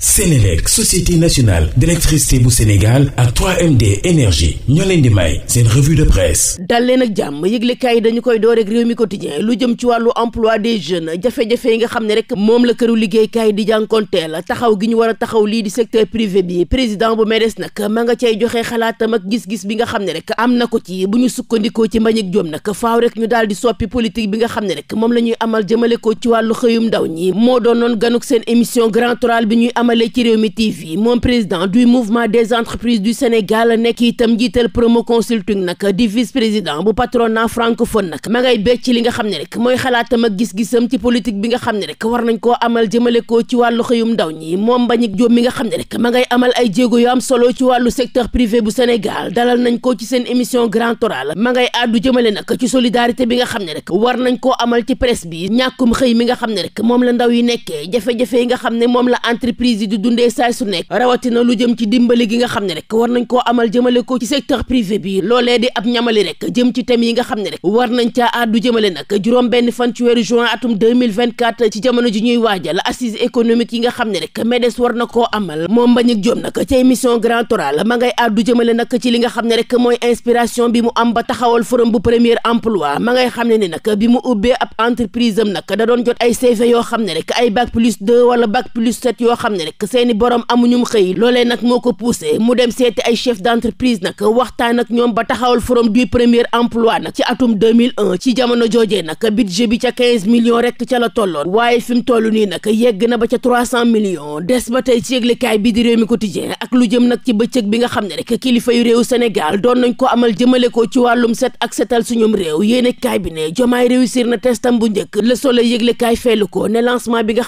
Sénélec société nationale d'électricité bu Sénégal ak 3MD énergie ñoo leen di may seen revue de presse dal ak jàmm yëglekaay yi dañu koy door rek réew mi quotidien lu jëm ci wàllu emploi des jeunes jafe-jafe yi nga xam ne rek moom la këru liggéeykaay di jànkonteel taxaw gi ñu war a taxaw lii di secteur privé bi président bu MEDES nag ma nga cay joxe xalaatam ak gis-gis bi nga xam ne rek am na ko ci bu ñu sukkandikoo ci Mbagnick Diome nag faaw rek ñu daal di soppi politique bi nga xam ne rek moom la ñuy amal jëmale ko ci wàllu xëyum ndaw ñi moo doonoon ganuk seen émission grand oral amale ci réew mi TV moom président du mouvement des entreprises du Sénégal nekk itam jiital promo consulting nag di vice président bu patronat francophone nag ma ngay becc li nga xam ne rek mooy xalaatam ak gis-gisam ci politique bi nga xam ne rek war nañ koo amal jëmale ko ci wàllu xëyum ndaw ñi moom Mbagnick Diop mi nga xam ne rek ma ngay amal ay jéego yu am solo ci wàllu secteur privé bu Sénégal dalal nañ ko ci seen émission Grand Oral ma ngay àddu jëmale nag ci solidarité bi nga xam ne rek war nañ koo amal ci presse bi ñàkkum xëy mi nga xam ne rek moom la ndaw yi nekkee jafe-jafe yi nga xam ne moom la entreprise entreprise yi di dundee saay su nekk rawatina lu jëm ci dimbali gi nga xam ne rek war nañ koo amal jëmale ko ci secteur privé bi loolee di ab ñamali rek jëm ci thème yi nga xam ne rek war nañ caa àddu jëmale nag juróom benn fan ci weeru juin atum 2024 ci jamono ji ñuy waajal assise économique yi nga xam ne rek MEDES war na koo amal moom Mbagnick Diop nag ci émission Grand Oral ma ngay àddu jëmale nag ci li nga xam ne rek mooy inspiration bi mu am ba taxawal forum bu premier emploi ma ngay xam ne ni nag bi mu ubbee ab entreprise da doon jot ay CV yoo ne rek ay bac plus yoo xam ne lekk seeni borom amuñum xëy loolee nag moo ko poussé mu dem seeti ay chef d'entreprise nag waxtaan ak ñoom ba taxawal forum du premier emploi nag ci atum 2001 ci jamono joojee nag bi na ba ca 300 millions des ba tey ci yëglekaay bi di réew mi quotidien ak lu jëm nag ci bëccëg bi nga xam ne rek kilifa yu réew Sénégal doon nañ ko amal jëmale ko ci wàllum set ak setal suñum réew yéenekaay bi ne jomaay réussir na testam bu njëkk Le Soleil yëglekaay feelu ko ne lancement bi nga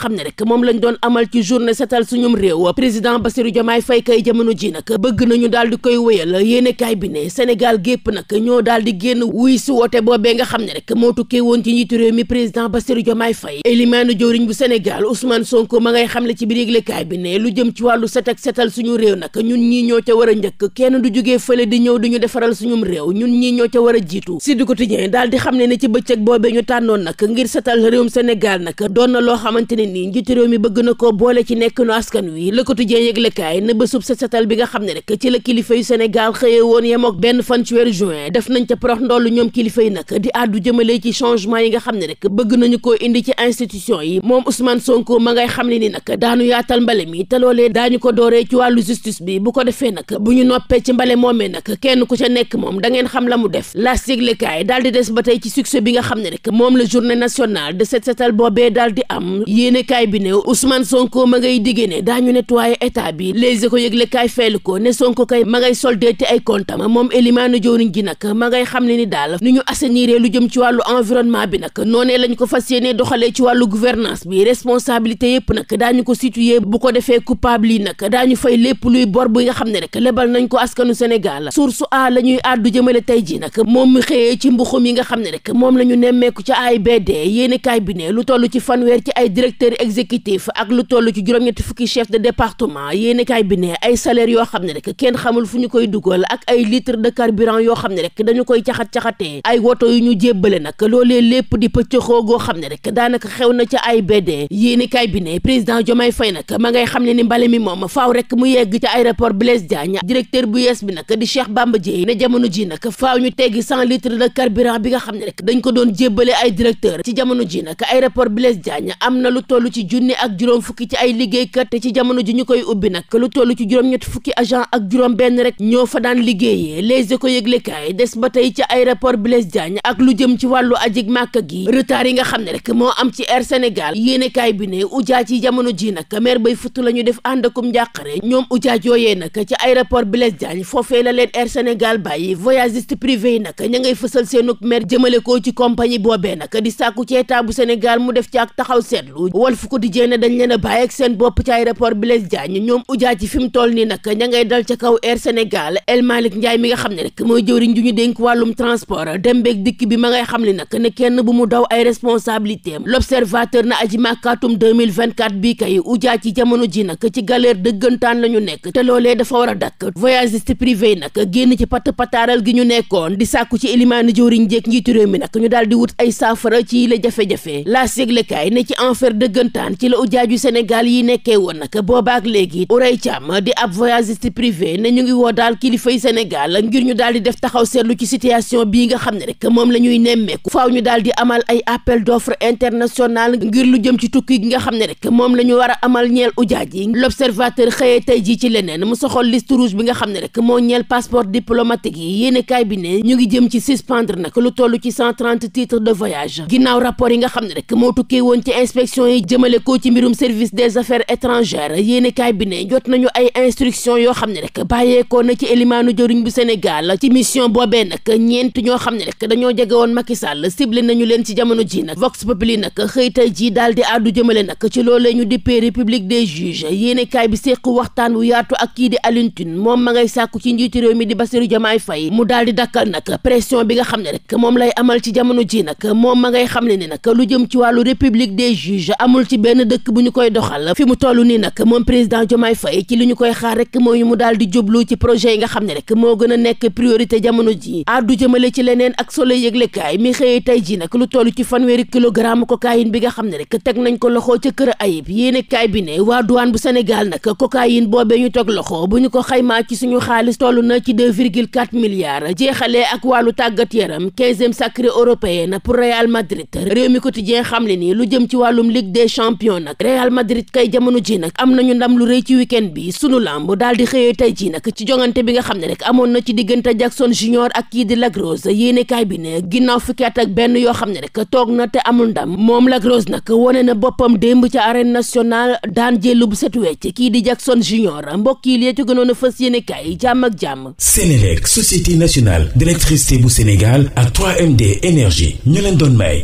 suñum réew président Bassirou jomaay Faye kay jamono ji nag bëgg nañu daal di koy wéyal yéenekaay bi ne Sénégal gépp nag ñoo daal di génn wuy si woote boobee nga xam ne rek moo tukkee woon ci njiitu réew mi président Bassirou Diomaye Faye élimaanu jëwriñ bu Sénégal Ousmane Sonko ma ngay xam le ci biir yëglekaay bi ne lu jëm ci wàllu set ak setal suñu réew nag ñun ñii ñoo ca war a njëkk kenn du jugee fële di ñëw di ñu defaral suñum réew ñun ñii ñoo ca war a jiitu Sud Quotidien daal di xam ne ne ci bëccëg boobee ñu tànnoon nag ngir setal réewum Sénégal nag doon loo xamante ne nii njiitu réew mi bëgg na ko boole ci nekk askan wi le quotidien yëglekaay na bésub set setal bi nga xam ne rek ci la kilifa yu Sénégal xëye woon yem benn fan ci weeru juin def nañ ca prox ndollu ñoom kilifa yi nag di àddu jëmale ci changement yi nga xam ne rek bëgg nañu koo indi ci institution yi moom Ousmane Sonko ma ngay xam ne ni nag daanu yaatal mbale mi te loolee daañu ko dooree ci wàllu justice bi bu ko defee nag bu ñu noppee ci mbale moomee nag kenn ku ca nekk moom da ngeen xam la mu def laas yëglekaay daal di des ba tey ci succès bi nga xam ne rek moom la journée nationale de set setal boobee daal di am yéenekaay bi ne Ousmane Sonko ma ne daañu nettoyer état bi les éco yëgle kaay faylu ko ne Sonko kay ma ngay soldé te ay comptam moom Elimaanu jëwriñ ji nag ma ngay xam ne ni daal ni ñu assainir lu jëm ci wàllu environnement bi nag noonee lañ ko fas yéene doxalee ci wàllu gouvernance bi responsabilité yëpp nag daañu ko situer bu ko defee coupable yi nag daañu fay lépp luy bor bi nga xam ne rek lebal nañ ko askanu Sénégal source a la ñuy àddu jëmale tey ji nag moom mi xëyee ci mbuxum yi nga xam ne rek moom la ñu nemmeeku ci AIBD yéeni kaay bi ne lu ci fanweer ci ay directeur exécutif ak lu toll fukk fukki chef de département yéeni kaay bi ne ay salaire yoo xam ne rek kenn xamul fu ñu koy dugal ak ay litre de carburant yoo xam ne rek dañu bi ne président Diomaye Faye ko doon jébbale ay directeur ci jamono ji nag aéroport Blaise Diagne am na lu toll ci junni ak juróom fukki ci ay liggéey kat ci jamono ji ñu koy ubbi nag lu toll ci juróom-ñett fukki agent ak juróom benn rek ñoo fa daan liggéeyee les éco yëglekaay des ba tey ci aéroport Blaise Diagne ak lu jëm ci wàllu ajig màkka gi retard yi nga xam ne rek moo am ci Air Sénégal yéenekaay bi ne ujaaj ci jamono ji nag mer bay futtu la ñu def ànd akum njàqare ñoom ujaaj yooyee nag ci aéroport Blaise Diagne foofee la leen Air Sénégal bàyyi voyagiste privé yi nag ña ngay fësal seenuk mer jëmale ko ci compagnie boobee nag di sàkku ci état bu Sénégal mu def ci ak taxaw seetlu Walf Quotidien dañ leen a ci aéroport Blaise Diagne ñoom ujaa ci fi mu toll nii nag ña ngay dal ca kaw Air Sénégal El Malick mi nga xam ne rek mooy jëwriñ ju ñu dénk wàllum transport dem beeg dikk bi ma ngay xam ne nag ne kenn bu mu daw ay responsabilité am l'observateur na aji màkkaatum 2024 bii kay ujaa ci jamono ji nag ci galère dëggantaan la ñu nekk te loolee dafa war a dakk voyagiste privé yi nag génn ci patt pataaral gi ñu nekkoon di sàkku ci élimaani jëwriñ jéeg njiitu réew mi nag ñu daal di wut ay saafara ci la jafe-jafe laa séglekaay ne ci enfer dëggantaan ci la ujaaju woon nag boobaak léegi Houraye Thiam di ab voyagiste privé ne ñu ngi woo daal kilifay Sénégal ngir ñu daal def taxaw seetlu ci situation bii nga xam ne rek moom la ñuy nemmeeku faaw ñu daal di amal ay appel d'offre international ngir lu jëm ci tukki bi nga xam ne rek moom la war a amal ñeel ujaaj yi l'observateur xëyee tey jii ci leneen mu soxol liste rouge bi nga xam ne rek moo ñeel passeport diplomatique yi yéene kaay bi ne ñu ngi jëm ci suspendre nag lu étrangère yéenekaay bi ne jot nañu ay instruction yoo xam ne rek bàyyeekoo na ci élimaanu jëriñ bu Sénégal ci mission boobee nag ñeent ñoo xam ne rek dañoo jege woon Macky Sall sible nañu leen ci jamono ji nag Vox Populi nag xëy tey jii daal di àddu jëmale nag ci loolee ñu dippee république des juges yéenekaay bi séq waxtaan wu yaatu ak kii di Alioune moom ma ngay sàkku ci njiitu réew mi di Bassirou Diomaye fay mu daal di dakkal nag pression bi nga xam ne rek moom lay amal ci jamono ji nag moom ma ngay xam ne ne nag lu jëm ci wàllu république des juges amul ci benn dëkk bu ñu koy toll nii nag moom président Diomaye Faye ci li ñu koy xaar rek mooy mu daal di jublu ci projet yi nga xam ne rek moo gën a nekk priorité jamono ji addu jëmale ci leneen ak solo yëglekaay mi xëyee tey ji nag lu toll ci fanweeri kilogramme cocaïne bi nga xam ne rek teg nañ ko loxo ca kër ayib yéene kaay bi ne waa douane bu Sénégal nag cocaïne boobee ñu teg loxo bu ñu ko xaymaa ci suñu xaalis toll na ci 2,4 milliards jeexalee ak wàllu tàggat yaram 15e sacré européenne pour Real Madrid réew mi quotidien xam le ni lu jëm ci wàllum Ligue des champions nag Real Madrid ji nag am nañu ndam lu rëy ci week-end bi sunu lamb daal di xëyee tey ji nag ci jongante bi nga xam ne rek amoon na ci diggante Jackson Junior ak kii di Lac Rose yéenekaay bi ne ginnaaw fukki at ak benn yoo xam ne rek toog na te amul ndam moom Lac Rose nag wane na boppam démb ca arène nationale daan jëlu bu set wecc kii di Jackson Junior mbokk yi li ci gënoon a fës yéenekaay jàmm ak jàmm. Sénélec société nationale d'électricité bu Sénégal ak 3MD énergie ñu leen doon may